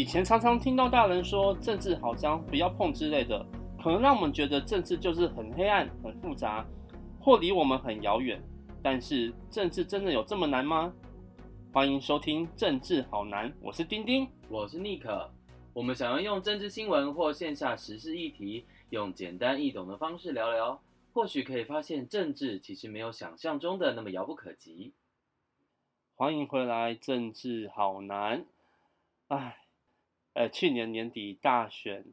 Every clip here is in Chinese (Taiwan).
以前常常聽到大人說政治好髒，不要碰之類的，可能讓我們覺得政治就是很黑暗、很複雜，或離我們很遙遠。但是政治真的有這麼難嗎？歡迎收聽《政治好難》，我是丁丁，我是妮可。我們想要用政治新聞或線下時事議題，用簡單易懂的方式聊聊，或許可以發現政治其實沒有想象中的那麼遙不可及。歡迎回來，《政治好難》唉。哎。呃，去年年底大選，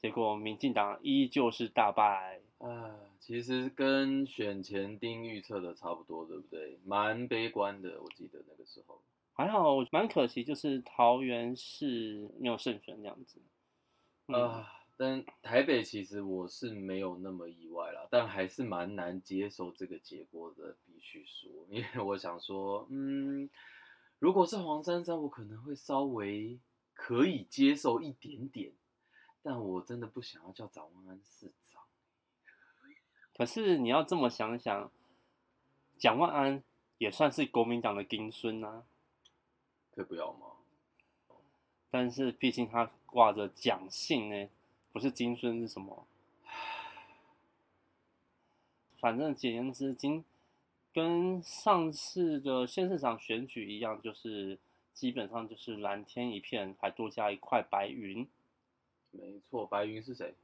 結果民進黨依舊是大敗。啊，其實跟選前定預測的差不多，對不對？蠻悲觀的，我記得那個時候。還好，蠻可惜，就是桃園市沒有勝選那樣子，嗯。啊，但台北其實我是沒有那麼意外啦，但還是蠻難接受這個結果的，必須說。因為我想說，嗯，如果是黃珊珊，我可能會稍微。可以接受一點點，但我真的不想要叫蔣萬安市長。可是你要這麼想想，蔣萬安也算是國民黨的金孫啊，可以不要嗎？但是畢竟他掛着蔣姓呢，不是金孫是什麼？反正簡言之，今跟上次的縣市長選舉一樣，就是。基本上就是藍天一片，還多加一塊白雲。沒錯，白雲是誰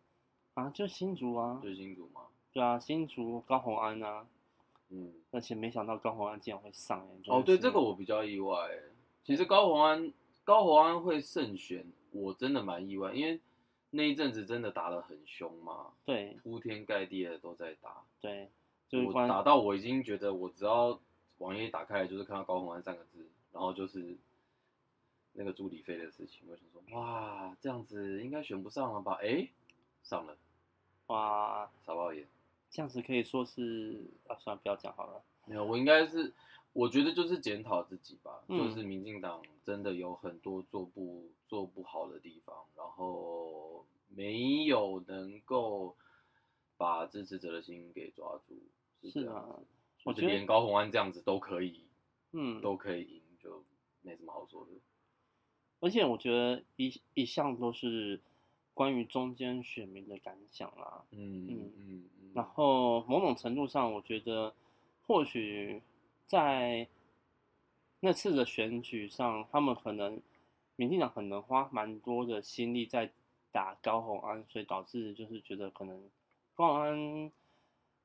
啊？就新竹啊。就新竹嗎？對啊，新竹高虹安啊。嗯。而且沒想到高虹安竟然會上演、欸嗯。哦，對，這個我比較意外、欸。其實高虹安，高虹安會勝選，我真的蠻意外，因為那一陣子真的打得很兇嘛。對。鋪天蓋地的都在打。對就。我打到我已經覺得，我只要網頁打開來，就是看到高虹安三個字，然後就是。那個助理費的事情，我想說，哇，這樣子應該選不上了吧？哎、欸，上了，哇，傻爆眼，這樣子可以說是啊，算了，不要講好了。沒有，我應該是，我覺得就是檢討自己吧，嗯、就是民進黨真的有很多做不做不好的地方，然後沒有能夠把支持者的心給抓住，是，是，是啊，樣。我覺得、就是、連高虹安這樣子都可以，嗯，都可以贏，就沒什麼好說的。而且我覺得一一向都是關於中間選民的感想啦，嗯嗯嗯，然後某種程度上，我覺得或許在那次的選舉上，他們可能民進黨可能花蠻多的心力在打高洪安，所以導致就是覺得可能高洪安，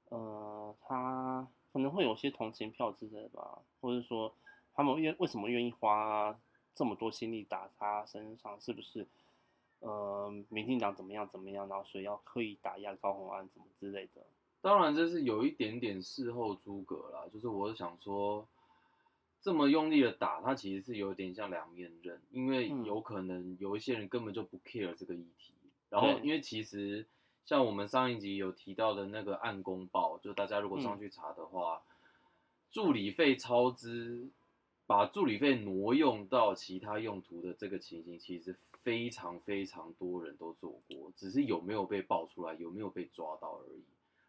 呃，他可能會有些同情票之類吧，或者說他們願為什麼願意花？這麼多心力打他身上，是不是？呃，民進黨怎麼樣怎麼樣，然後所以要刻意打壓高虹安，怎麼之類的？當然，這是有一點點事後諸葛了。就是我想說，這麼用力的打他，其實是有點像兩面刃，因為有可能有一些人根本就不 care 這個議題。嗯、然後，因為其實像我們上一集有提到的那個暗公報，就大家如果上去查的話，嗯、助理費超支。把助理費挪用到其他用途的這個情形，其實非常非常多人都做過，只是有沒有被爆出來，有沒有被抓到而已。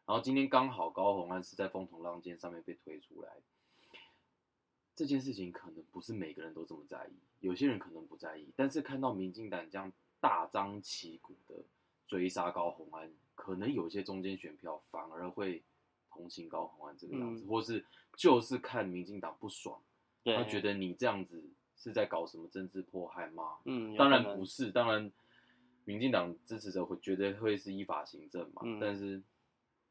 然後今天剛好高虹安是在風頭浪尖上面被推出來，這件事情可能不是每個人都這麼在意，有些人可能不在意。但是看到民進黨這樣大張旗鼓的追殺高虹安，可能有些中間選票反而會同情高虹安這個樣子、嗯，或是就是看民進黨不爽。他覺得你這樣子是在搞什麼政治迫害嗎？嗯，當然不是，當然民進黨支持者會覺得會是依法行政嘛，嗯、但是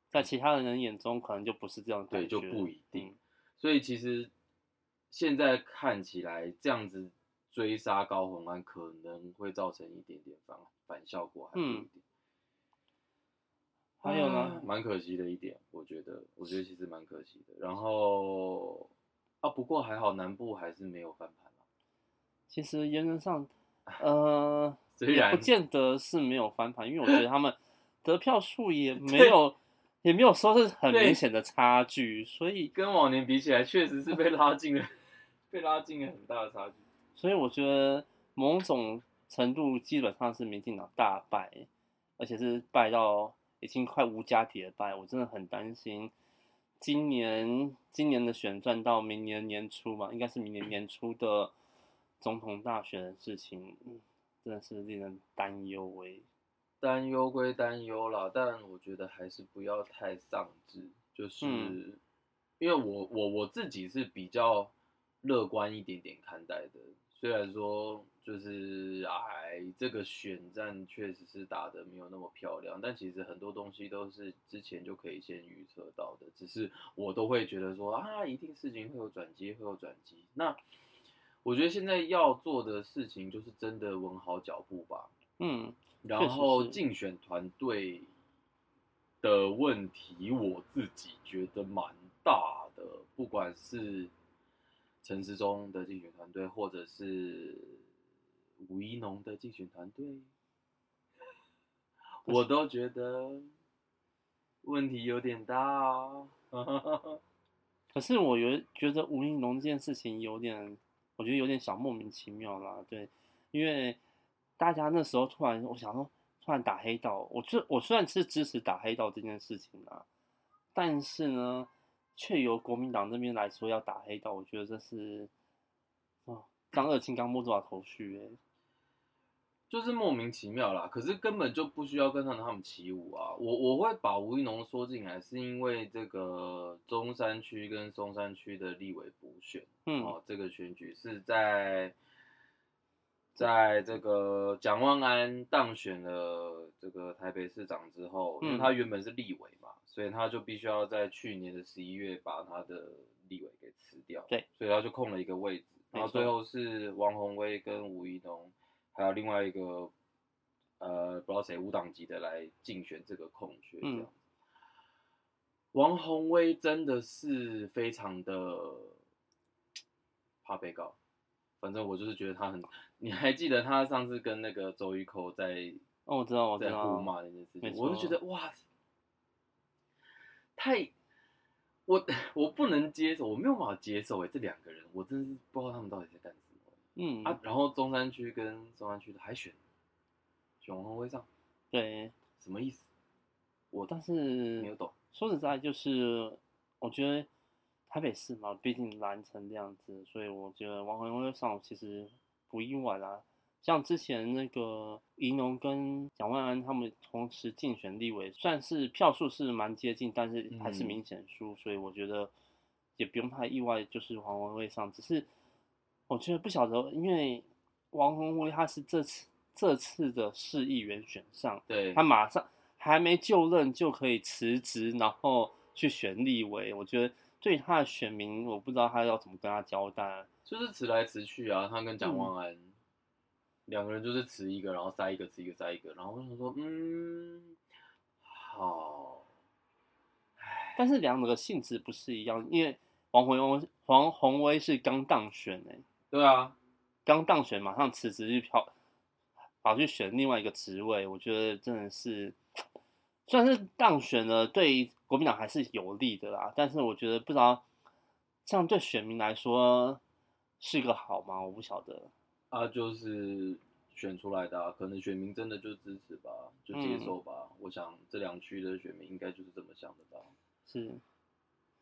在其他的人眼中可能就不是這樣。對，就不一定、嗯。所以其實現在看起來這樣子追殺高虹安可能會造成一點點反反效果，還不一定、嗯。還有呢，蠻、嗯、可惜的一點，我覺得，我覺得其實蠻可惜的。然後。啊，不過還好南部還是沒有翻盤、啊。其實原則上，呃，雖然也不見得是沒有翻盤，因為我覺得他們得票數也沒有，也沒有說是很明顯的差距，所以跟往年比起來，確實是被拉近了、呃，被拉近了很大的差距。所以我覺得某種程度基本上是民進黨大敗，而且是敗到已經快無家底的敗。我真的很擔心。今年，今年的選戰到明年年初吧，應該是明年年初的總統大選的事情，真的是令人擔憂誒，擔憂歸擔憂啦，但我覺得還是不要太喪志，就是、嗯、因為我我我自己是比較樂觀一點點看待的，雖然說。就是哎，這個選戰確實是打得沒有那麼漂亮，但其實很多東西都是之前就可以先預測到的，只是我都會覺得說啊，一定事情會有轉機，會有轉機。那我覺得現在要做的事情就是真的穩好腳步吧。嗯，然後競選團隊的問題，我自己覺得蠻大的，嗯、是是不管是陳時中的競選團隊，或者是。吳怡農的競選團隊，我都覺得問題有點大，哦、 可是我又覺得吳怡農這件事情有點，我覺得有點小莫名其妙啦。對，因為大家那時候突然，我想說突然打黑道，我這我雖然是支持打黑道這件事情啦，但是呢，卻由國民黨這邊來說要打黑道，我覺得這是哦，張二清剛摸到頭緒哎、欸。就是莫名其妙啦，可是根本就不需要跟着他們起舞啊。我我會把吳怡農說進來，是因為這個中山區跟松山區的立委補選，嗯，哦、啊，這個選舉是在，在這個蔣萬安當選了這個台北市長之後，嗯、因為他原本是立委嘛，所以他就必須要在去年的十一月把他的立委給辭掉，對、嗯，所以他就空了一個位置，然後最後是王鴻薇跟吳怡農。還有另外一個，呃，不知道誰無黨籍的來競選這個空缺。這樣。嗯、王鴻薇真的是非常的怕被告，反正我就是覺得他很。你還記得他上次跟那個周玉蔻在……哦，我知道，我知道，互罵那件事情，我就覺得哇，太……我我不能接受，我沒有辦法接受哎、欸，這兩個人，我真是不知道他們到底在幹。嗯、啊、然後中山區跟松山區的海選，選王鴻薇上，對，什麼意思？我倒是沒有懂。說實在，就是我覺得台北市嘛，畢竟藍成這樣子，所以我覺得王鴻薇上其實不意外啦。像之前那個怡農跟蔣萬安他們同時競選立委，算是票數是蠻接近，但是還是明顯輸，嗯，所以我覺得也不用太意外，就是王鴻薇上，只是。我覺得不曉得，因為王鴻薇他是這次這次的市議員選上，對，他馬上還沒就任就可以辭職，然後去選立委。我覺得對他的選民，我不知道他要怎麼跟他交代。就是辭來辭去啊，他跟蔣萬安兩、嗯、個人就是辭一個，然後塞一個，辭一個塞一個。然後我想說，嗯，好，但是兩者的性質不是一樣，因為王鴻王鴻薇是剛當選的、欸。對啊，剛當選馬上辭職去跑，跑去選另外一個職位，我覺得真的是，雖然是當選了對國民黨還是有利的啦，但是我覺得不知道這樣對選民來說是一個好嗎？我不曉得。啊，就是選出來的、啊，可能選民真的就支持吧，就接受吧。嗯、我想這兩區的選民應該就是這麼想的吧。是。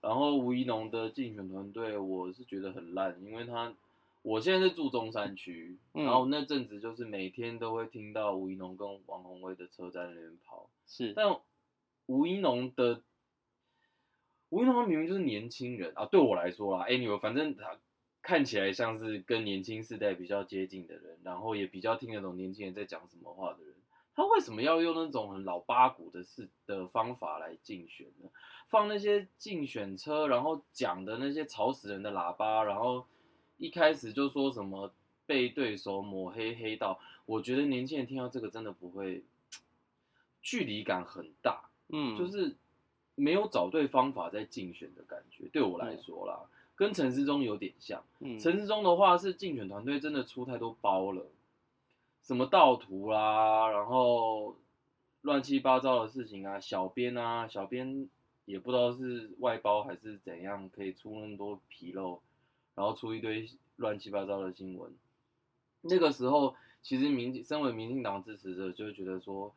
然後吳怡農的競選團隊，我是覺得很爛，因為他。我現在是住中山區、嗯，然後那陣子就是每天都會聽到吳怡農跟王鴻薇的車在那邊跑。是，但吳怡農的吳怡農明明就是年輕人啊，對我來說啦。哎、欸、有反正他看起來像是跟年輕世代比較接近的人，然後也比較聽得懂年輕人在講什麼話的人，他為什麼要用那種很老八股的式的方法來競選呢？放那些競選車，然後講的那些吵死人的喇叭，然後。一開始就說什麼被對手抹黑黑到，我覺得年輕人聽到這個真的不會，距離感很大。嗯，就是沒有找對方法在競選的感覺。對我來說啦，嗯、跟陳時中有點像。城、嗯、陳時中的話是競選團隊真的出太多包了，什麼盜圖啦、啊，然後亂七八糟的事情啊，小編啊，小編也不知道是外包還是怎樣，可以出那麼多紕漏。然後出一堆亂七八糟的新聞，那個時候其實民，身為民進黨支持者，就會覺得說，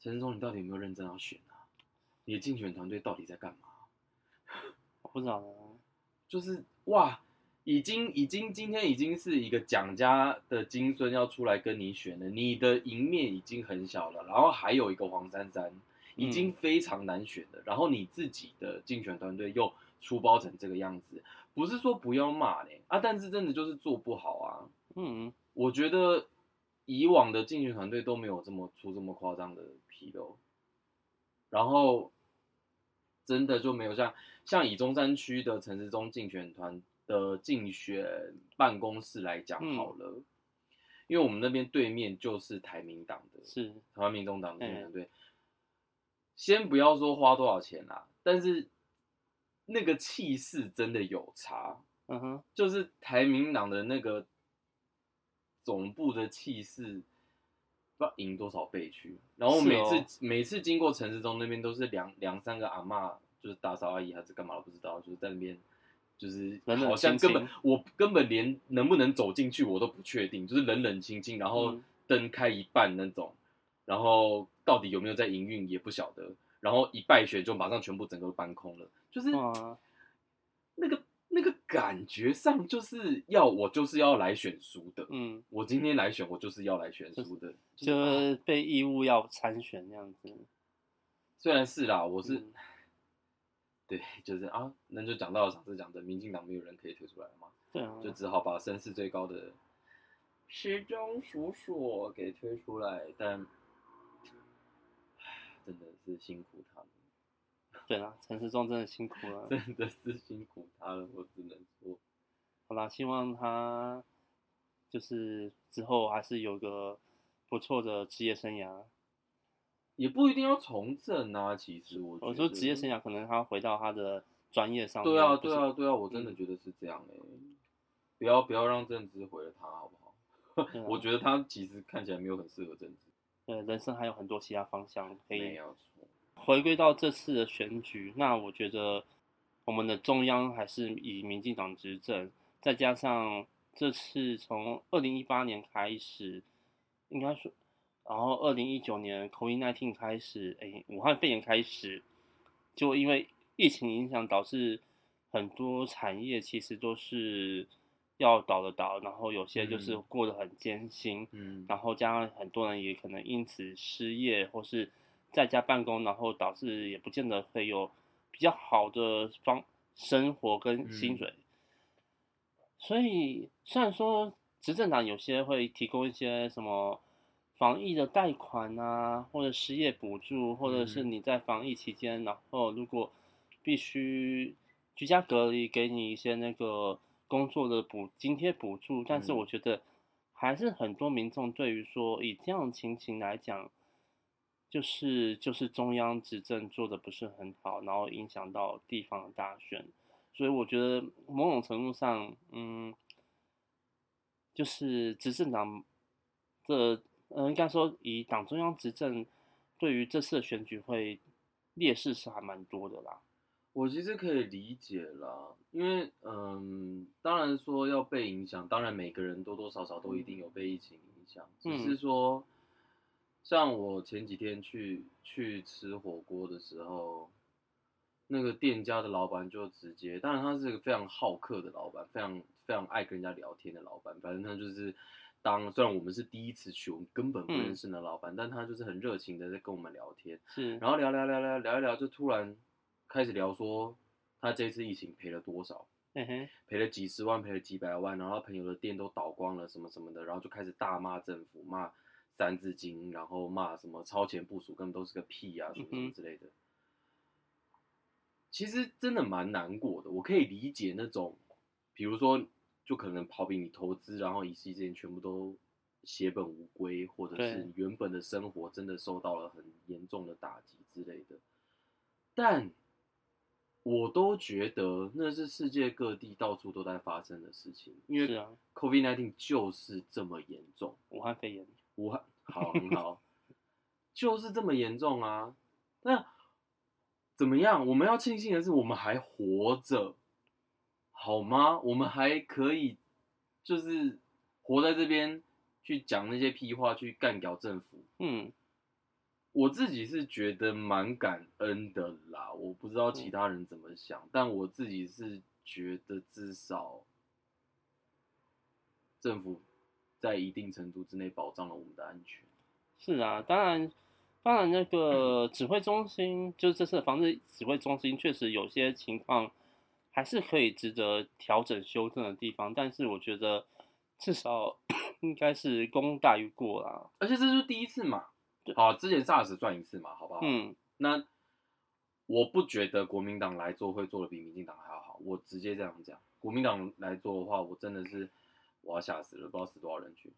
陳時中你到底有沒有認真要選啊？你的競選團隊到底在幹嘛？我不知道啊，就是哇，已經已經今天已經是一個蔣家的金孫要出來跟你選了，你的贏面已經很小了，然後還有一個黃珊珊已經非常難選了，嗯。然後你自己的競選團隊又出包成這個樣子。不是說不要罵嘞、欸、啊，但是真的就是做不好啊。嗯，我覺得以往的競選團隊都沒有這麼出這麼誇張的紕漏，然後真的就沒有像像以中山區的陳時中競選團的競選辦公室來講好了、嗯，因為我們那邊對面就是台民黨的是台灣民眾黨的競選團隊。先不要說花多少錢啦、啊，但是。那個氣勢真的有差，嗯哼，就是台民黨的那個總部的氣勢，不知道贏多少倍去。然後每次、哦、每次經過城市中，那邊，都是兩兩三個阿媽，就是打掃阿姨還是幹嘛都不知道，就是在那邊，就是好像根本冷冷清清，我根本連能不能走進去我都不確定，就是冷冷清清，然後燈開一半那種、嗯，然後到底有沒有在營運也不曉得。然後一敗選就馬上全部整個搬空了，就是那個那個感覺上就是要我就是要來選輸的，嗯，我今天來選、嗯、我就是要來選輸的，就、就是、啊、就被義務要參選那樣子。雖然是啦，我是、嗯、對，就是啊，那就講到上次講的，就是、講民進黨沒有人可以推出來嘛，對啊，就只好把聲勢最高的時中叔叔給推出來，但，嗯真的是辛苦他們，對啦，陳時中真的辛苦了。 真的是辛苦他了，我只能說。好啦，希望他就是之後還是有個不錯的職業生涯。也不一定要從政啊，其實我覺得。我說職業生涯可能他回到他的專業上面。對啊，對啊，對啊，我真的覺得是這樣哎、欸嗯。不要不要讓政治毀了他好不好？ 啊？我覺得他其實看起來沒有很適合政治。呃，人生還有很多其他方向可以回歸。到這次的選舉，那我覺得我們的中央還是以民進黨執政，再加上這次從二零一八年開始，應該說，然後二零一九年 COVID-19 開始，誒、欸，武漢肺炎開始，就因為疫情影響，導致很多產業其實都是。要倒的倒，然後有些就是過得很艱辛，嗯，然後加上很多人也可能因此失業，嗯、或是在家辦公，然後導致也不見得會有比較好的方生活跟薪水，嗯。所以，雖然說執政黨有些會提供一些什麼防疫的貸款啊，或者失業補助，或者是你在防疫期間，嗯、然後如果必須居家隔離，給你一些那個。工作的補津貼補助，但是我覺得還是很多民眾對於說以這樣的情形來講，就是就是中央執政做得不是很好，然後影響到地方的大選，所以我覺得某種程度上，嗯，就是執政黨的，嗯，應該說以黨中央執政對於這次的選舉會劣勢是還蠻多的啦。我其實可以理解啦，因為嗯，當然說要被影響，當然每個人多多少少都一定有被疫情影響，嗯。只是說，像我前幾天去去吃火鍋的時候，那個店家的老闆就直接，當然他是一個非常好客的老闆，非常非常愛跟人家聊天的老闆。反正他就是當雖然我們是第一次去，我們根本不認識的老闆，嗯，但他就是很熱情的在跟我們聊天。是，然後聊聊聊聊聊一聊，就突然。開始聊說他這次疫情賠了多少，賠了幾十萬，賠了幾百萬，然後他朋友的店都倒光了，什麼什麼的，然後就開始大罵政府，罵三字經，然後罵什麼超前部署根本都是個屁啊，什麼什麼之類的。其實真的蠻難過的，我可以理解那種，比如說就可能好比你投資，然後一夕之間全部都血本無歸，或者是原本的生活真的受到了很嚴重的打擊之類的，但。我都覺得那是世界各地到處都在發生的事情，因為 COVID-19 就是這麼嚴重。啊、武漢肺炎。武漢，好，很好， 就是這麼嚴重啊！那怎麼樣？我們要慶幸的是，我們還活着，好嗎？我們還可以，就是活在這邊，去講那些屁話，去幹掉政府。嗯。我自己是覺得蠻感恩的啦，我不知道其他人怎麼想。嗯，但我自己是覺得至少政府在一定程度之內保障了我們的安全。是啊，當然，當然那個指揮中心，嗯、就是這次的防治指揮中心，確實有些情況還是可以值得調整修正的地方，但是我覺得至少 應該是功大於過啦。而且這是第一次嘛。好、啊，之前 SARS 算一次嘛，好不好？嗯，那我不覺得國民黨來做會做的比民進黨還要好。我直接這樣講，國民黨來做的話，我真的是我要嚇死了，不知道死多少人去。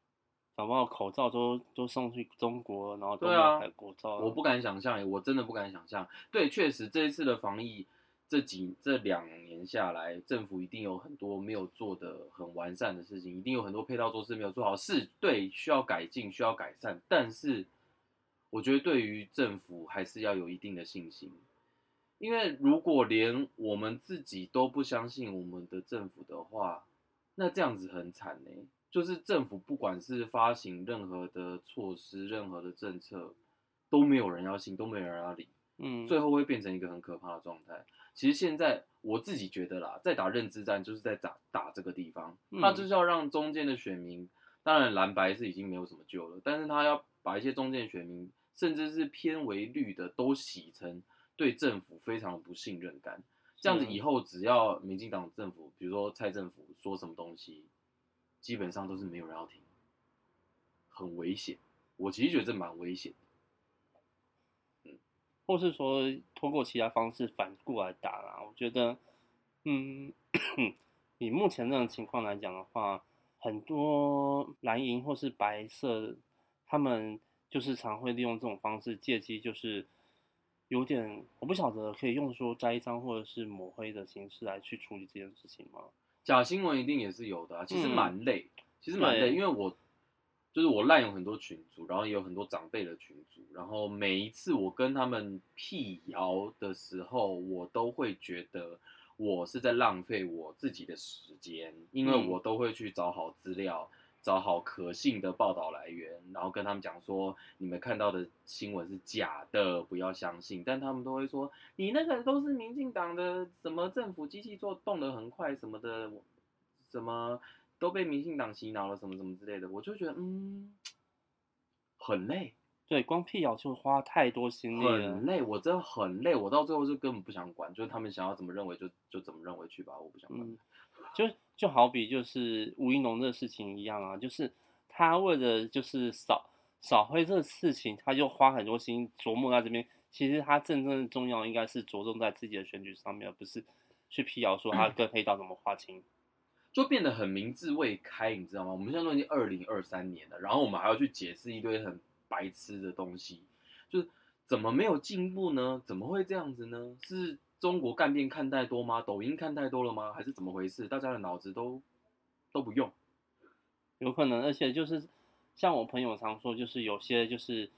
搞不好口罩都都送去中國，然後都要買口罩，啊，我不敢想象，我真的不敢想象。對，確實這一次的防疫，這幾這兩年下來，政府一定有很多沒有做的很完善的事情，一定有很多配套措施沒有做好，是對需要改進、需要改善，但是。我覺得對於政府還是要有一定的信心，因為如果連我們自己都不相信我們的政府的話，那這樣子很慘呢、欸。就是政府不管是發行任何的措施、任何的政策，都沒有人要信，都沒有人要理，嗯，最後會變成一個很可怕的狀態。其實現在我自己覺得啦，在打認知戰，就是在打打這個地方，他、嗯、就是要讓中間的選民。當然藍白是已經沒有什麼救了，但是他要把一些中間選民。甚至是偏為綠的都洗成對政府非常不信任感，這樣子以後只要民進黨政府，比如說蔡政府說什麼東西，基本上都是沒有人要聽，很危險。我其實覺得這蠻危險的、嗯，或是說透過其他方式反過來打啦。我覺得，嗯，以目前這種情況來講的話，很多藍營或是白色他們。就是常會利用這種方式借機，就是有點我不曉得可以用說栽贓或者是抹黑的形式來去處理這件事情嗎？假新聞一定也是有的啊，其實蠻累，嗯、其實蠻累，因為我就是我濫用很多群組，然後也有很多長輩的群組，然後每一次我跟他們闢謠的時候，我都會覺得我是在浪費我自己的時間，嗯、因為我都會去找好資料。找好可信的報道來源，然後跟他們講說，你們看到的新聞是假的，不要相信。但他們都會說，你那個都是民進黨的什麼政府機器做，動得很快什麼的，什麼都被民進黨洗腦了什麼什麼之類的。我就覺得嗯，很累。對，光闢謠就花太多心力了，很累。我真的很累，我到最後就根本不想管，就是他們想要怎麼認為就就怎麼認為去吧，我不想管。嗯就就好比就是吳雲龍這個事情一樣啊，就是他為了就是掃掃黑這個事情，他就花很多心琢磨在這邊。其實他真正，正的重要的應該是着重在自己的選舉上面，而不是去闢謠說他跟黑道怎麼劃清，嗯，就變得很民智未開你知道嗎？我們現在都已經二零二三年了，然後我們還要去解釋一堆很白痴的東西，就是怎麼沒有進步呢？怎麼會這樣子呢？是？中國幹變看太多嗎？抖音看太多了嗎？還是怎麼回事？大家的腦子都都不用，有可能。而且就是像我朋友常說，就是有些就是，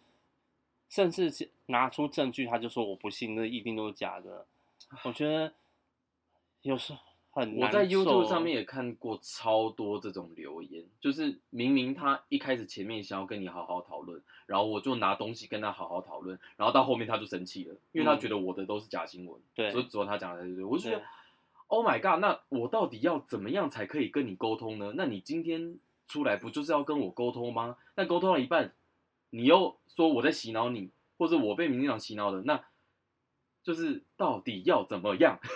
甚至拿出證據，他就說我不信，那一定都是假的。我覺得有時候。我在 YouTube 上面也看過超多這種留言，嗯、就是明明他一開始前面想要跟你好好討論，然後我就拿東西跟他好好討論，然後到後面他就生氣了，因為他覺得我的都是假新聞、嗯就是，對，所以只有他講的才對。我就覺得，Oh my god，那我到底要怎麼樣才可以跟你溝通呢？那你今天出來不就是要跟我溝通嗎？那溝通了一半，你又說我在洗腦你，或者我被民進黨洗腦了，那就是到底要怎麼樣？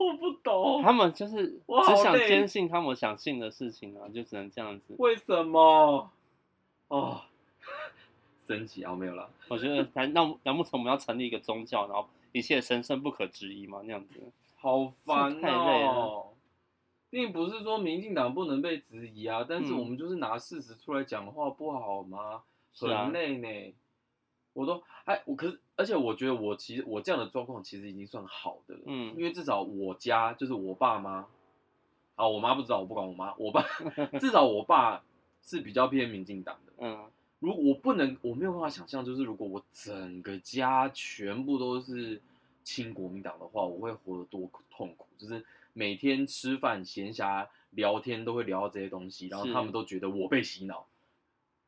我不懂，他們就是只想堅信他們想信的事情啊，就只能這樣子。為什麼？哦， 升級啊，沒有了。我覺得，難不成我們要成立一個宗教，然後一切神聖不可質疑嘛，那樣子。好煩哦。太累了。並不是說民進黨不能被質疑啊，但是我們就是拿事實出來講話，不好嗎？嗯。很累呢。我都哎，我可是，而且我覺得我其實我這樣的狀況其實已經算好的了。嗯，因為至少我家就是我爸媽，啊，我媽不知道，我不管我媽，我爸呵呵至少我爸是比較偏民進黨的，嗯，如果我不能，我沒有辦法想象就是如果我整個家全部都是親國民黨的話，我會活得多痛苦，就是每天吃飯閒暇聊天都會聊到這些東西，然後他們都覺得我被洗腦。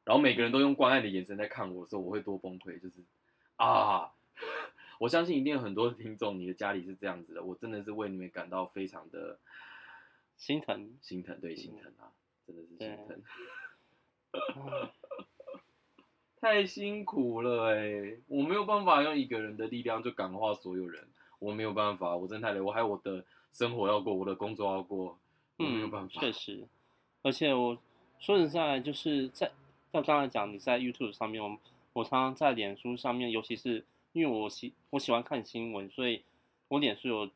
然後每個人都用關愛的眼神在看我的時候，我會多崩潰。就是啊，我相信一定有很多聽眾，你的家裡是這樣子的。我真的是為你們感到非常的心疼，心疼，對，心疼啊，嗯、真的是心疼， 太辛苦了誒、欸，我沒有辦法用一個人的力量就感化所有人，我沒有辦法，我真的太累，我還有我的生活要過，我的工作要過，我沒有辦法，嗯、確實，而且我說實在，就是在。像我剛才講，你在 YouTube 上面我，我我常常在臉書上面，尤其是因為我喜我喜歡看新聞，所以我臉書有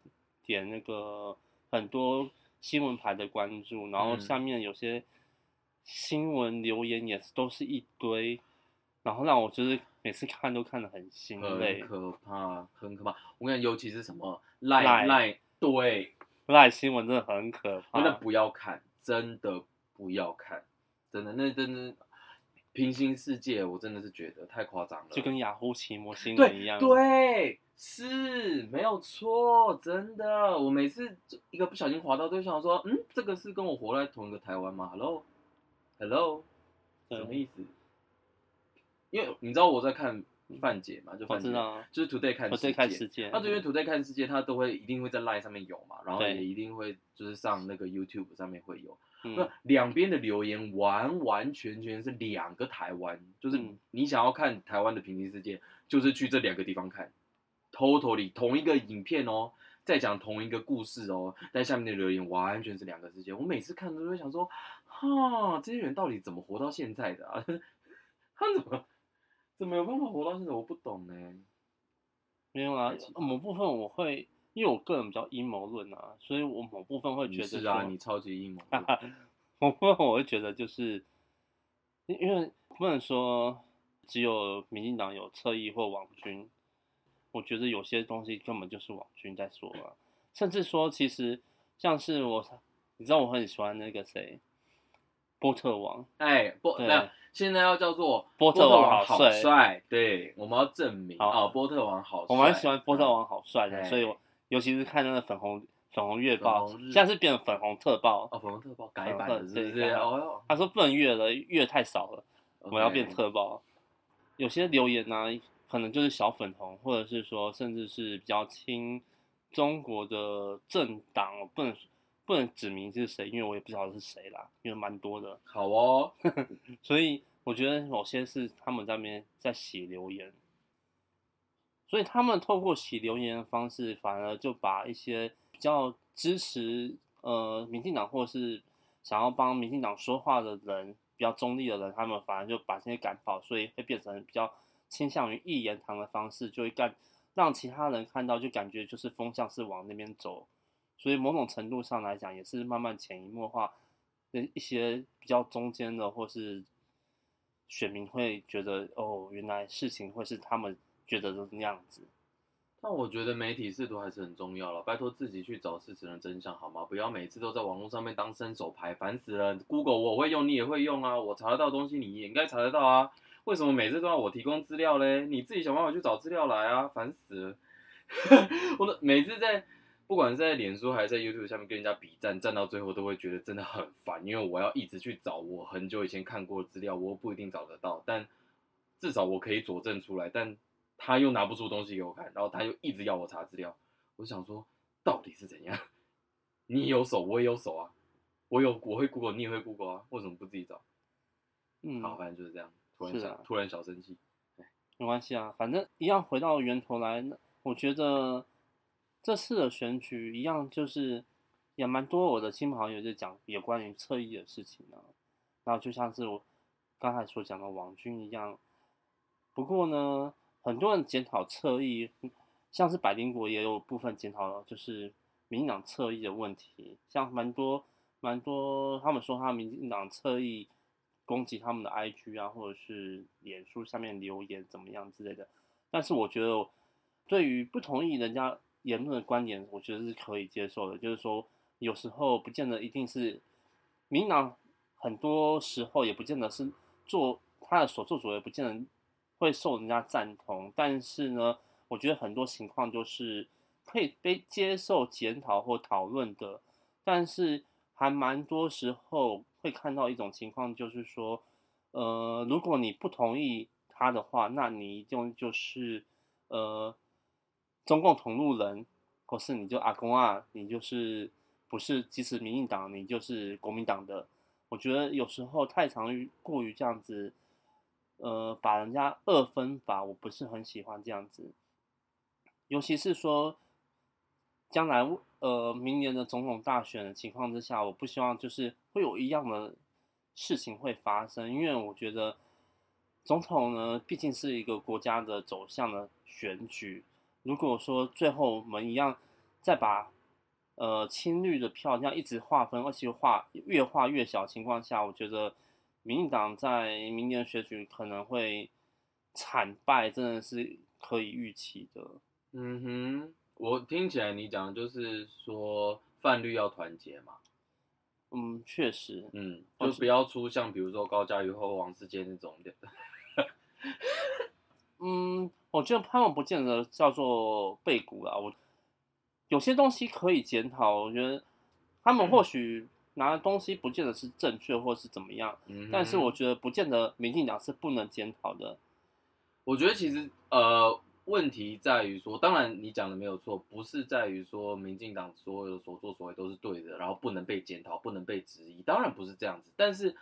點那個很多新聞牌的關注，然後下面有些新聞留言也是都是一堆，然後讓我就是每次看都看得很心累，可怕，很可怕。我跟你講，尤其是什麼賴賴，Line, Line, 對賴新聞真的很可怕，真的不要看，真的不要看，真的那真的。平行世界，我真的是覺得太誇張了，就跟雅虎奇摩新聞一樣。對，對，是，沒有錯，真的。我每次就一個不小心滑到，都想說，嗯，這個是跟我活在同一個台灣嗎？Hello，Hello，Hello？嗯、什麼意思？因為你知道我在看范姐嘛，嗯、就范姐、哦啊，就是 Today 看世界。Today 看世界，嗯、那因為 Today 看世界，他都會一定會在 Line 上面有嘛，然後也一定會就是上那個 YouTube 上面會有。那兩邊的留言完完全全是兩個台灣，就是你想要看台灣的平行世界，嗯，就是去這兩個地方看，Totally 同一個影片哦，在講同一個故事哦，但下面的留言完全是兩個世界。我每次看都會想說，哈，這些人到底怎麼活到現在的啊？ 他怎麼怎麼有辦法活到現在？我不懂呢。沒有啊，某部分我會。因為我個人比較陰謀論啊，所以我某部分會覺得說是啊，你超級陰謀論，我部分我會覺得，就是因為不能說只有民進黨有側翼或網軍，我覺得有些東西根本就是網軍在說啊，甚至說其實像是我，你知道我很喜歡那個誰波特王，哎、欸，波沒現在要叫做波特王好帥，對，我們要證明啊，波特王好帥，我蠻喜歡波特王好帥的、嗯，所以我。尤其是看那個粉紅粉紅月報，現在是,是變成粉紅特報哦，粉紅特報,粉紅特報改版了，對不對？他說不能月了，月太少了，okay, 我要變特報。Okay. 有些留言呢、啊，可能就是小粉紅，或者是說，甚至是比較親中國的政黨，我不能不能指明是誰，因為我也不知道是誰啦，因為蠻多的。好哦，呵呵，所以我覺得某些是他們在那邊在寫留言。所以他們透過洗留言的方式，反而，就把一些比較支持呃民進黨或是想要幫民進黨說話的人，比較中立的人，他們反而就把這些趕跑，所以會變成比較傾向於一言堂的方式，就會干讓其他人看到，就感覺就是風向是往那邊走，所以某種程度上來講，也是慢慢潛移默化的一些比較中間的或是選民會覺得，哦，原來事情會是他們。覺得就是那樣子，那我覺得媒體識讀還是很重要了。拜託自己去找事情的真相好嗎？不要每次都在網絡上面當伸手牌，煩死了。Google 我會用，你也會用啊。我查得到東西，你也應該查得到啊。為什麼每次都要我提供資料嘞？你自己想辦法去找資料來啊，煩死了。 我都每次在不管是在臉書還是在 YouTube 下面跟人家筆戰，戰到最後都會覺得真的很煩，因為我要一直去找我很久以前看過的資料，我不一定找得到，但至少我可以佐證出來，但。他又拿不出東西給我看，然後他又一直要我查資料。我想說，到底是怎樣？你也有手，我也有手啊，我有我會 Google，你也會 Google 啊，為什麼不自己找？嗯，好，反正就是這樣。突然想、啊，突然小生氣。沒關係啊，反正一樣回到源頭來。那我覺得這次的選舉一樣，就是也蠻多我的親朋好友就講有關於側翼的事情啊。然後就像是我剛才所講的網軍一樣，不過呢。很多人檢討側翼，像是百靈果也有部分檢討，就是民進黨側翼的問題，像蠻多蠻多，多他們說他民進黨側翼攻擊他們的 IG 啊，或者是臉書下面留言怎麼樣之類的。但是我覺得，對於不同意人家言論的觀點，我覺得是可以接受的。就是說，有時候不見得一定是民進黨，很多時候也不見得是做他的所作所為，不見得。會受人家贊同，但是呢，我覺得很多情況就是可以被接受檢討或討論的，但是還蠻多時候會看到一種情況，就是說，呃，如果你不同意他的話，那你一定就是，呃，中共同路人，或是你就阿公啊，你就是不是，即使民進黨，你就是國民黨的。我覺得有時候太常於過於這樣子。呃，把人家二分法，我不是很喜歡這樣子。尤其是說，將來呃，明年的總統大選的情況之下，我不希望就是會有一樣的事情會發生，因為我覺得總統呢，畢竟是一個國家的走向的選舉。如果說最後我們一樣再把呃親綠的票這樣一直劃分，而且劃越劃越小的情況下，我覺得。民進黨在明年選舉可能會慘敗，真的是可以預期的。嗯哼，我聽起來你講就是說泛綠要團結嘛？嗯，確實。嗯，就不要出像比如說高嘉瑜和王世堅那種的。 嗯，我覺得他們不見得叫做背骨啦。我有些東西可以檢討，我覺得他們或許、嗯。拿的東西不見得是正確或是怎麼樣、嗯，但是我覺得不見得民進黨是不能檢討的。我覺得其實呃，問題在於說，當然你講的沒有錯，不是在於說民進黨所有的所作所為都是對的，然後不能被檢討，不能被質疑，當然不是這樣子。但是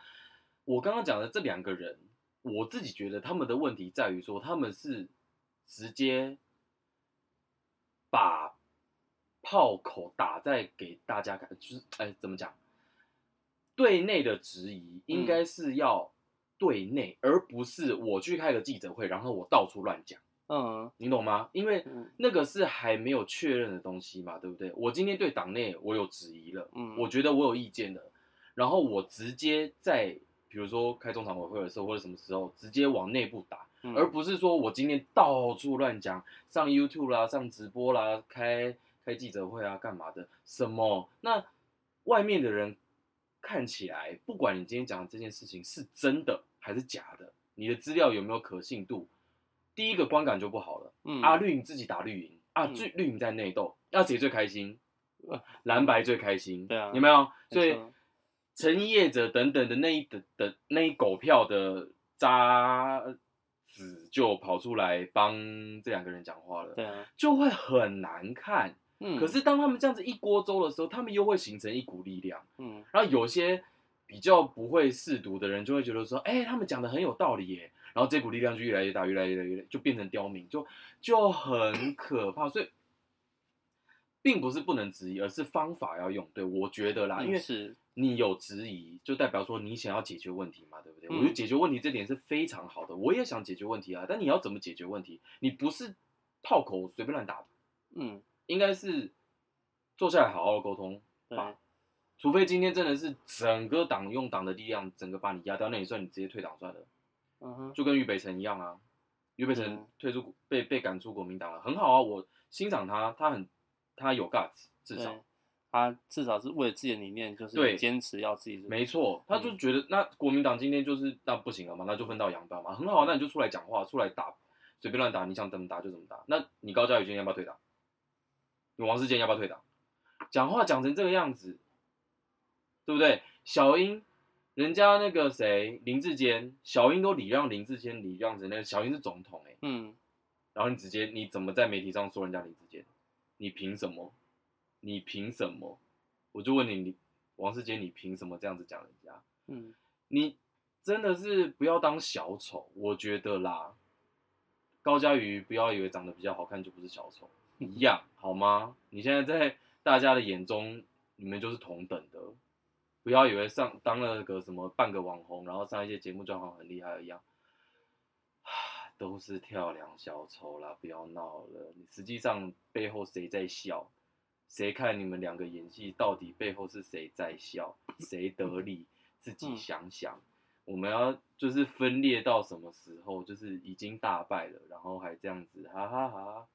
我剛剛講的這兩個人，我自己覺得他們的問題在於說，他們是直接把炮口打在給大家看，就是哎、欸，怎麼講？對內的質疑應該是要對內、嗯，而不是我去開個記者會，然後我到處亂講。嗯，你懂嗎？因為那個是還沒有確認的東西嘛，對不對？我今天對黨內我有質疑了，嗯，我覺得我有意見了，然後我直接在比如說開中常委會的時候或者什麼時候，直接往內部打、嗯，而不是說我今天到處亂講，上 YouTube 啦、啊，上直播啦、啊，開開記者會啊，幹嘛的？什麼？那外面的人。看起來，不管你今天講的這件事情是真的還是假的，你的資料有沒有可信度，第一個觀感就不好了。嗯，啊，綠營自己打綠營啊，綠綠營在內鬥，那誰最開心？藍白最開心，對啊，有沒有？所以陳業者等等的那一等的，的那一狗票的渣子就跑出來幫這兩個人講話了，對啊，就會很難看。可是當他們這樣子一鍋粥的時候，他們又會形成一股力量。嗯，然後有些比較不會試毒的人，就會覺得說：“哎、欸，他們講的很有道理耶。”然後這股力量就越來越大，越來越大，越就變成刁民，就就很可怕。所以，並不是不能質疑，而是方法要用。對，我覺得啦，因為是你有質疑，就代表說你想要解決問題嘛，對不對？嗯、我覺得解決問題這點是非常好的。我也想解決問題啊，但你要怎麼解決問題？你不是炮口隨便亂打，嗯。應該是坐下來好好溝通，對吧？除非今天真的是整個黨用黨的力量整個把你壓掉，那也算你直接退黨算了。嗯、uh、哼 -huh，就跟於北辰一樣啊，於北辰退出被被趕出國民黨了，很好啊，我欣賞他，他很，他有 guts，至少他至少是為了自己的理念，就是堅持要自己沒錯，他就覺得、嗯、那國民黨今天就是那不行了嘛，那就分道揚鑣嘛，很好啊，那你就出來講話，出來打，隨便亂打，你想怎麼打就怎麼打，那你高嘉瑜今天要不要退黨？你王世堅要不要退黨？講話講成這個樣子，對不對？小英，人家那個誰，林智堅，小英都禮讓林智堅，禮讓子，那個小英是總統誒、欸。嗯。然後你直接你怎麼在媒體上說人家林智堅？你憑什麼？你憑什麼？我就問你，你王世堅，你憑什麼這樣子講人家？嗯，你真的是不要當小丑，我覺得啦。高嘉瑜，不要以為長得比較好看就不是小丑一樣，好嗎？你現在在大家的眼中，你們就是同等的。不要以為上當了個什麼半個網紅，然後上一些節目就好像很厲害一樣，都是跳梁小丑啦，不要鬧了，你實際上背後誰在笑？誰看你們兩個演技到底背後是誰在笑？誰得利？自己想想。嗯我們要就是分裂到什麼時候？就是已經大敗了，然後還這樣子，哈哈哈，哈。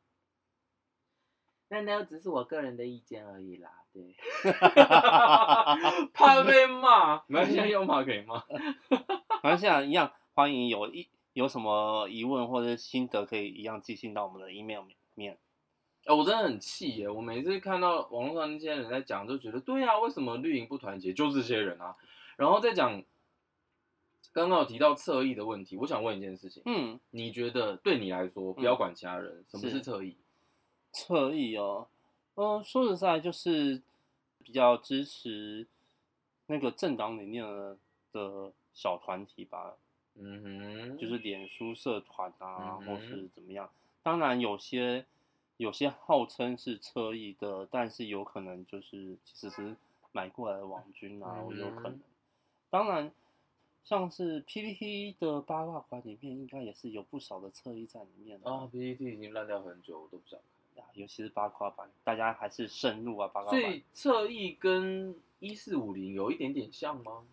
那那只是我個人的意見而已啦，對。哈哈哈！怕被罵？那現在有罵可以罵。那現在一樣歡迎有一有什麼疑問或者心得可以一樣寄信到我們的 email 面。哎、哦，我真的很氣耶！我每次看到網絡上那些人在講，就覺得對呀、啊，為什麼綠營不團結？就是、這些人啊！然後再講。剛剛有提到側翼的問題，我想問一件事情。嗯，你覺得對你來說，不要管其他人，嗯、什麼是側翼？側翼哦，呃，說實在，就是比較支持那個政黨裡面的的小團體吧。嗯哼，就是臉書社團啊，嗯、或是怎麼樣。當然，有些有些號稱是側翼的，但是有可能就是其實是買過來的網軍啊，嗯、有可能。當然。像是 PPT 的八卦版裡面，應該也是有不少的側翼在裡面啊。PPT、啊、已經爛掉很久，我都不想看、啊。尤其是八卦版，大家還是慎入啊。八卦版。所以側翼跟一四五零有一點點像嗎？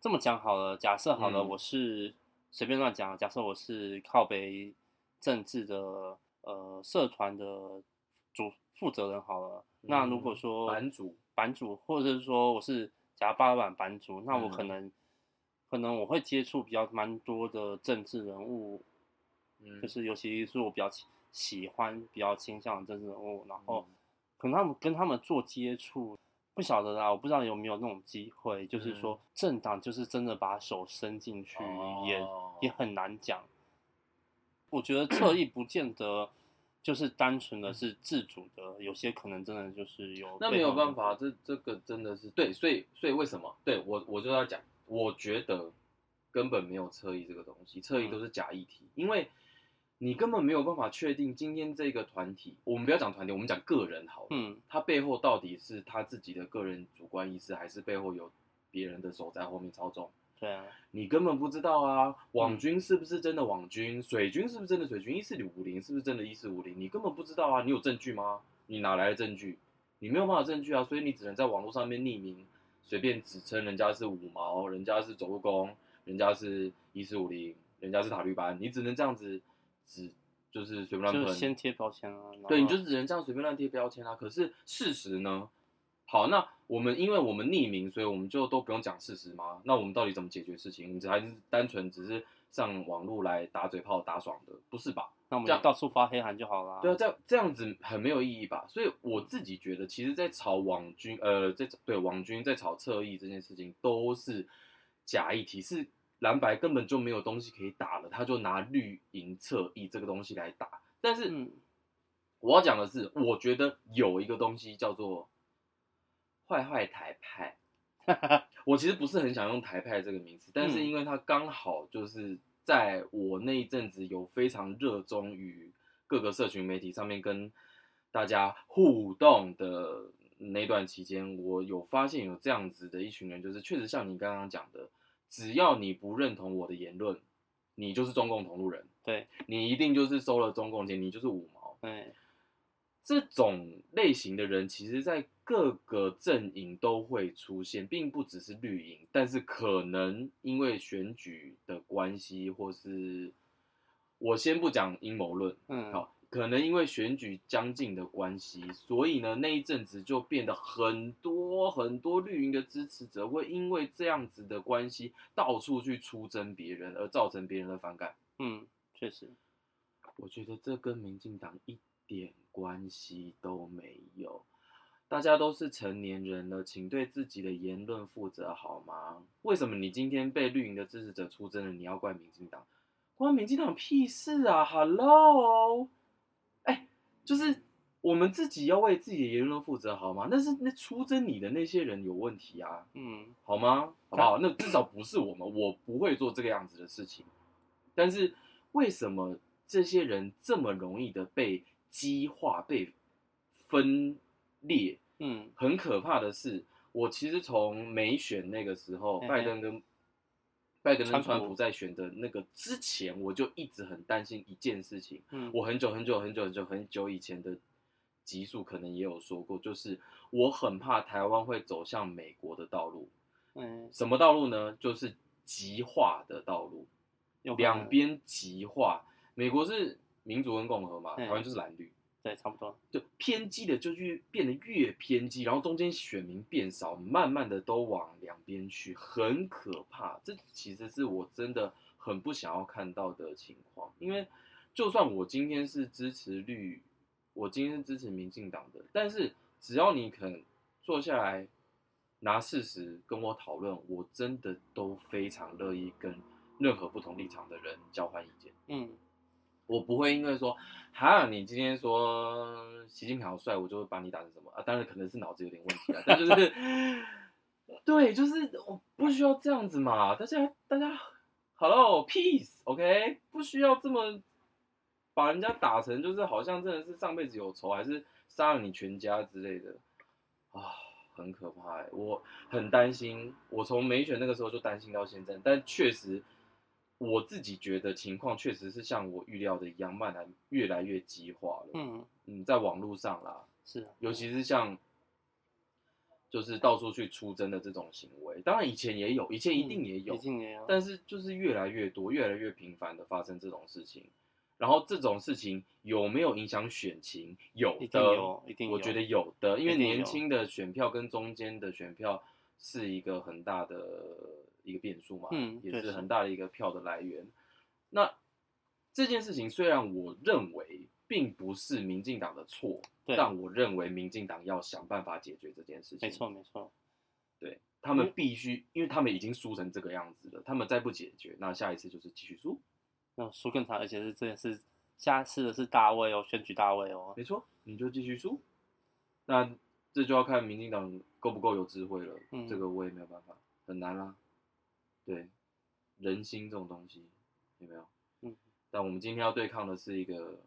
這麼講好了，假設好了，嗯、我是隨便亂講。假設我是靠北政治的呃社團的主負責人好了，嗯、那如果說版主版主，或者是說我是假八卦版，版版主，那我可能嗯嗯。可能我會接觸比較蠻多的政治人物、嗯，就是尤其是我比較喜歡、比較傾向的政治人物，嗯、然後可能他們跟他們做接觸，不曉得啊，我不知道有沒有那種機會，就是說政黨就是真的把手伸進去，嗯、也、哦、也很難講。哦、我覺得側翼不見得就是單純的是自主的，嗯、有些可能真的就是有那沒有辦法，這這個真的是對，所以所以為什麼？對，我我就要講。我覺得根本沒有側翼這個東西，側翼都是假議題，嗯，因為你根本沒有辦法確定今天這個團體，我們不要講團體，我們講個人好了，嗯，他背後到底是他自己的個人主觀意識，還是背後有別人的手在後面操縱？對、嗯、啊，你根本不知道啊，網軍是不是真的網軍，嗯、水軍是不是真的水軍，一四五零是不是真的一四五零，你根本不知道啊，你有證據嗎？你哪來的證據？你沒有辦法證據啊，所以你只能在網絡上面匿名。隨便指稱人家是五毛，人家是走路工，人家是一四五零，人家是塔綠班，你只能這樣子只，就是隨便亂噴，就先貼標籤啊。對，你就只能這樣隨便亂貼標籤啊。可是事實呢？好，那我們因為我們匿名，所以我們就都不用講事實嗎？那我們到底怎麼解決事情？我們還是單純只是上網絡來打嘴炮打爽的，不是吧？那我們就到處發黑函就好了。對啊，這樣這樣子很沒有意義吧？所以我自己覺得，其實，在炒網軍，呃，在對網軍在炒側翼這件事情，都是假議題，是藍白根本就沒有東西可以打了，他就拿綠營側翼這個東西來打。但是，我要講的是，我覺得有一個東西叫做壞壞台派， 我其實不是很想用台派這個名詞，但是因為它剛好就是。在我那一陣子有非常熱衷於各個社群媒體上面跟大家互動的那段期間，我有發現有這樣子的一群人，就是確實像你剛剛講的，只要你不認同我的言論，你就是中共同路人，對，你一定就是收了中共錢，你就是五毛。對。這種類型的人，其實在各個陣營都會出現，並不只是綠營。但是可能因為選舉的關係，或是我先不講陰謀論，嗯，好、哦，可能因為選舉將近的關係，所以呢，那一陣子就變得很多很多綠營的支持者會因為這樣子的關係，到處去出征別人，而造成別人的反感。嗯，確實，我覺得這跟民進黨一點關係都沒有，大家都是成年人了，請對自己的言論負責好嗎？為什麼你今天被綠營的支持者出征了，你要怪民進黨？關民進黨屁事啊，哈嘍，哎、欸，就是我們自己要為自己的言論負責好嗎？那是那出征你的那些人有問題啊，嗯，好嗎？好不好、嗯？那至少不是我們，我不會做這個樣子的事情。但是為什麼這些人這麼容易的被？極化被分裂，嗯，很可怕的是，我其實從美選那個時候，嗯嗯、拜登跟、嗯、拜登跟川普在選的那個之前，我就一直很擔心一件事情，嗯，我很久很久很久很久很久以前的集數可能也有說過，就是我很怕台灣會走向美國的道路，嗯，什麼道路呢？就是極化的道路，兩邊極化，美國是。民主跟共和嘛，台灣就是藍綠，對，對差不多。就偏激的就去變得越偏激，然後中間選民變少，慢慢的都往兩邊去，很可怕。這其實是我真的很不想要看到的情況。因為就算我今天是支持綠，我今天是支持民進黨的，但是只要你肯坐下來拿事實跟我討論，我真的都非常樂意跟任何不同立場的人交換意見。嗯。我不會因為說哈，你今天說習近平好帥，我就會把你打成什麼啊？當然可能是腦子有點問題啊，但就是 對，就是我不需要這樣子嘛。大家大家，Hello，Peace，OK？不需要這麼把人家打成就是好像真的是上輩子有仇，還是殺了你全家之類的啊，很可怕欸，我很擔心，我從沒選那個時候就擔心到現在，但確實。我自己覺得情況確實是像我預料的一樣，慢慢越來越激化了。嗯嗯，在網路上啦，是、啊嗯，尤其是像，就是到處去出征的這種行為，當然以前也有，以前一定也有，嗯、一定也有，但是就是越來越多，越來越頻繁的發生這種事情。然後這種事情有沒有影響選情？有的，一定有，一定有，我覺得有的，因為年輕的選票跟中間的選票是一個很大的。一個變數嘛，嗯，也是很大的一個票的來源。那這件事情雖然我認為並不是民進黨的錯，但我認為民進黨要想辦法解決這件事情。沒錯，沒錯，對，他們必須、嗯，因為他們已經輸成這個樣子了，他們再不解決，那下一次就是繼續輸，那、嗯、輸更慘，而且是這件事下一次的是大位哦，選舉大位哦，沒錯，你就繼續輸。那這就要看民進黨夠不夠有智慧了、嗯，這個我也沒有辦法，很難啦、啊。對，人心這種東西，有沒有？嗯，但我們今天要對抗的是一個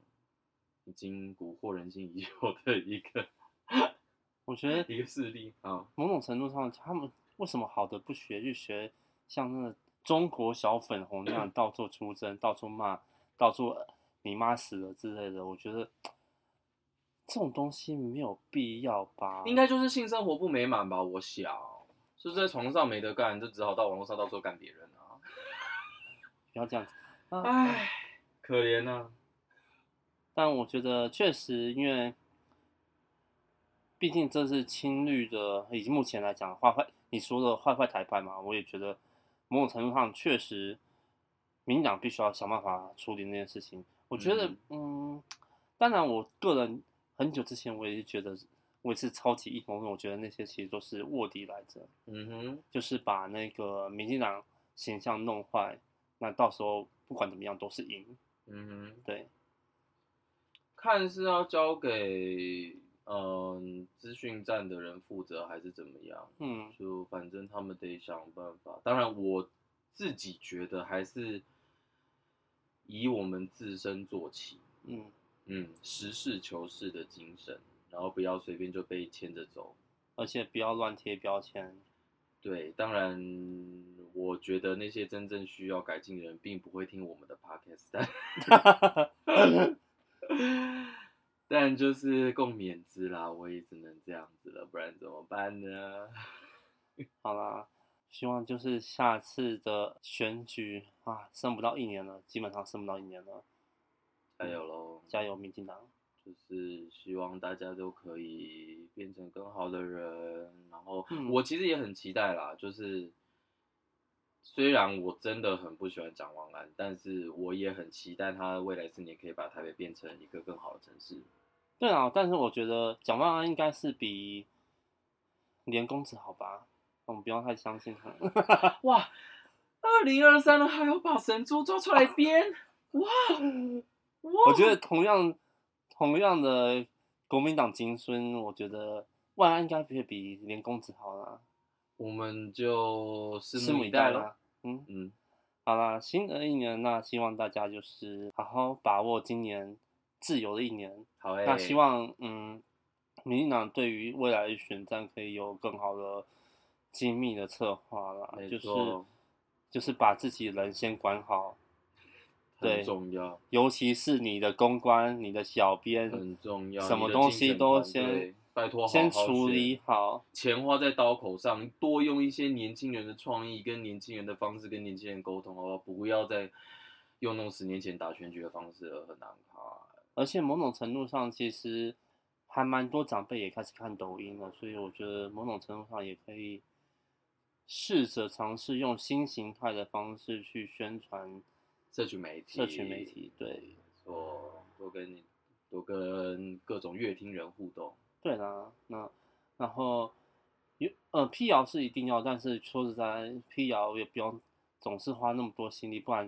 已經蠱惑人心已久的，一個 我覺得一個勢力啊。某種程度上，他們為什麼好的不學，就學像那個中國小粉紅那樣到處出征、 到處罵、到處你媽死了之類的？我覺得這種東西沒有必要吧？應該就是性生活不美滿吧？我想。就在床上沒得幹，就只好到網絡上到處幹別人啊。 不要這樣子，啊、唉，可憐吶、啊。但我覺得確實，因為畢竟這是親綠的，以及目前來講，壞壞你說的壞壞台派嘛，我也覺得某種程度上確實，民進黨必須要想辦法處理那件事情。我覺得，嗯，嗯當然我個人很久之前我也覺得。我也是超級義憤，我覺得那些其實都是臥底來着，嗯哼，就是把那個民進黨形象弄壞，那到時候不管怎麼樣都是贏，嗯哼，對，看是要交給嗯資訊站的人負責還是怎麼樣，嗯，就反正他們得想辦法。當然，我自己覺得還是以我們自身做起，嗯嗯，實事求是的精神。然後不要隨便就被牽着走，而且不要亂貼標籤。對，當然，我覺得那些真正需要改進的人並不會聽我們的 podcast，但 但就是共勉之啦，我也只能這樣子了，不然怎麼辦呢？ 好啦，希望就是下次的選舉啊，剩不到一年了，基本上剩不到一年了。加油嘍、嗯！加油，民進黨。就是希望大家都可以變成更好的人，然後我其實也很期待啦。嗯、就是雖然我真的很不喜歡蔣萬安，但是我也很期待他未來四年可以把台北變成一個更好的城市。對啊，但是我覺得蔣萬安應該是比連公子好吧？我們不要太相信他了。 哇，二零二三了還要把神珠做出來編、啊？哇哦、嗯！我覺得同樣。同樣的國民黨金孫，我覺得萬安應該不會比連公子好啦、啊。我們就拭目以待啦。嗯嗯，好啦，新的一年，那希望大家就是好好把握今年自由的一年。好、欸，那希望嗯，民進黨對於未來的選戰可以有更好的精密的策劃啦，就是就是把自己的人先管好。對，重要對，尤其是你的公關、你的小編，很重要。什麼東西都先拜托，先處理好。錢花在刀口上，多用一些年輕人的創意，跟年輕人的方式，跟年輕人溝通哦，不要再用那種十年前打選舉的方式，而很難看。而且某種程度上，其實還蠻多長輩也開始看抖音了，所以我覺得某種程度上也可以試着嘗試用新形態的方式去宣傳。社群媒體，社群媒體，對，多多跟多跟各種樂聽人互動，對啦、啊，那然後有呃闢謠是一定要，但是說實在，闢謠也不要總是花那麼多心力，不然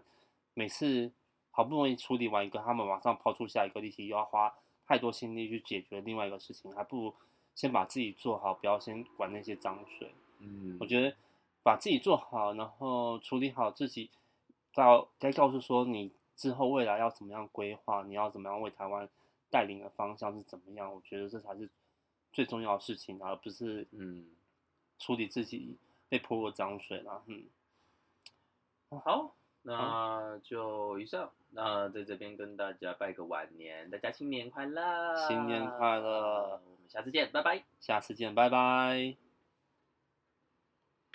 每次好不容易處理完一個，他們馬上拋出下一個，你又要花太多心力去解決另外一個事情，還不如先把自己做好，不要先管那些髒水。嗯，我覺得把自己做好，然後處理好自己。到該告訴說，你之後未來要怎麼樣規劃，你要怎麼樣為台灣帶領的方向是怎麼樣？我覺得這才是最重要的事情，而不是嗯處理自己被潑過髒水了。嗯，好，那就以上、嗯。那在這邊跟大家拜個晚年，大家新年快樂，新年快樂，我們、嗯、下次見，拜拜，下次見，拜拜。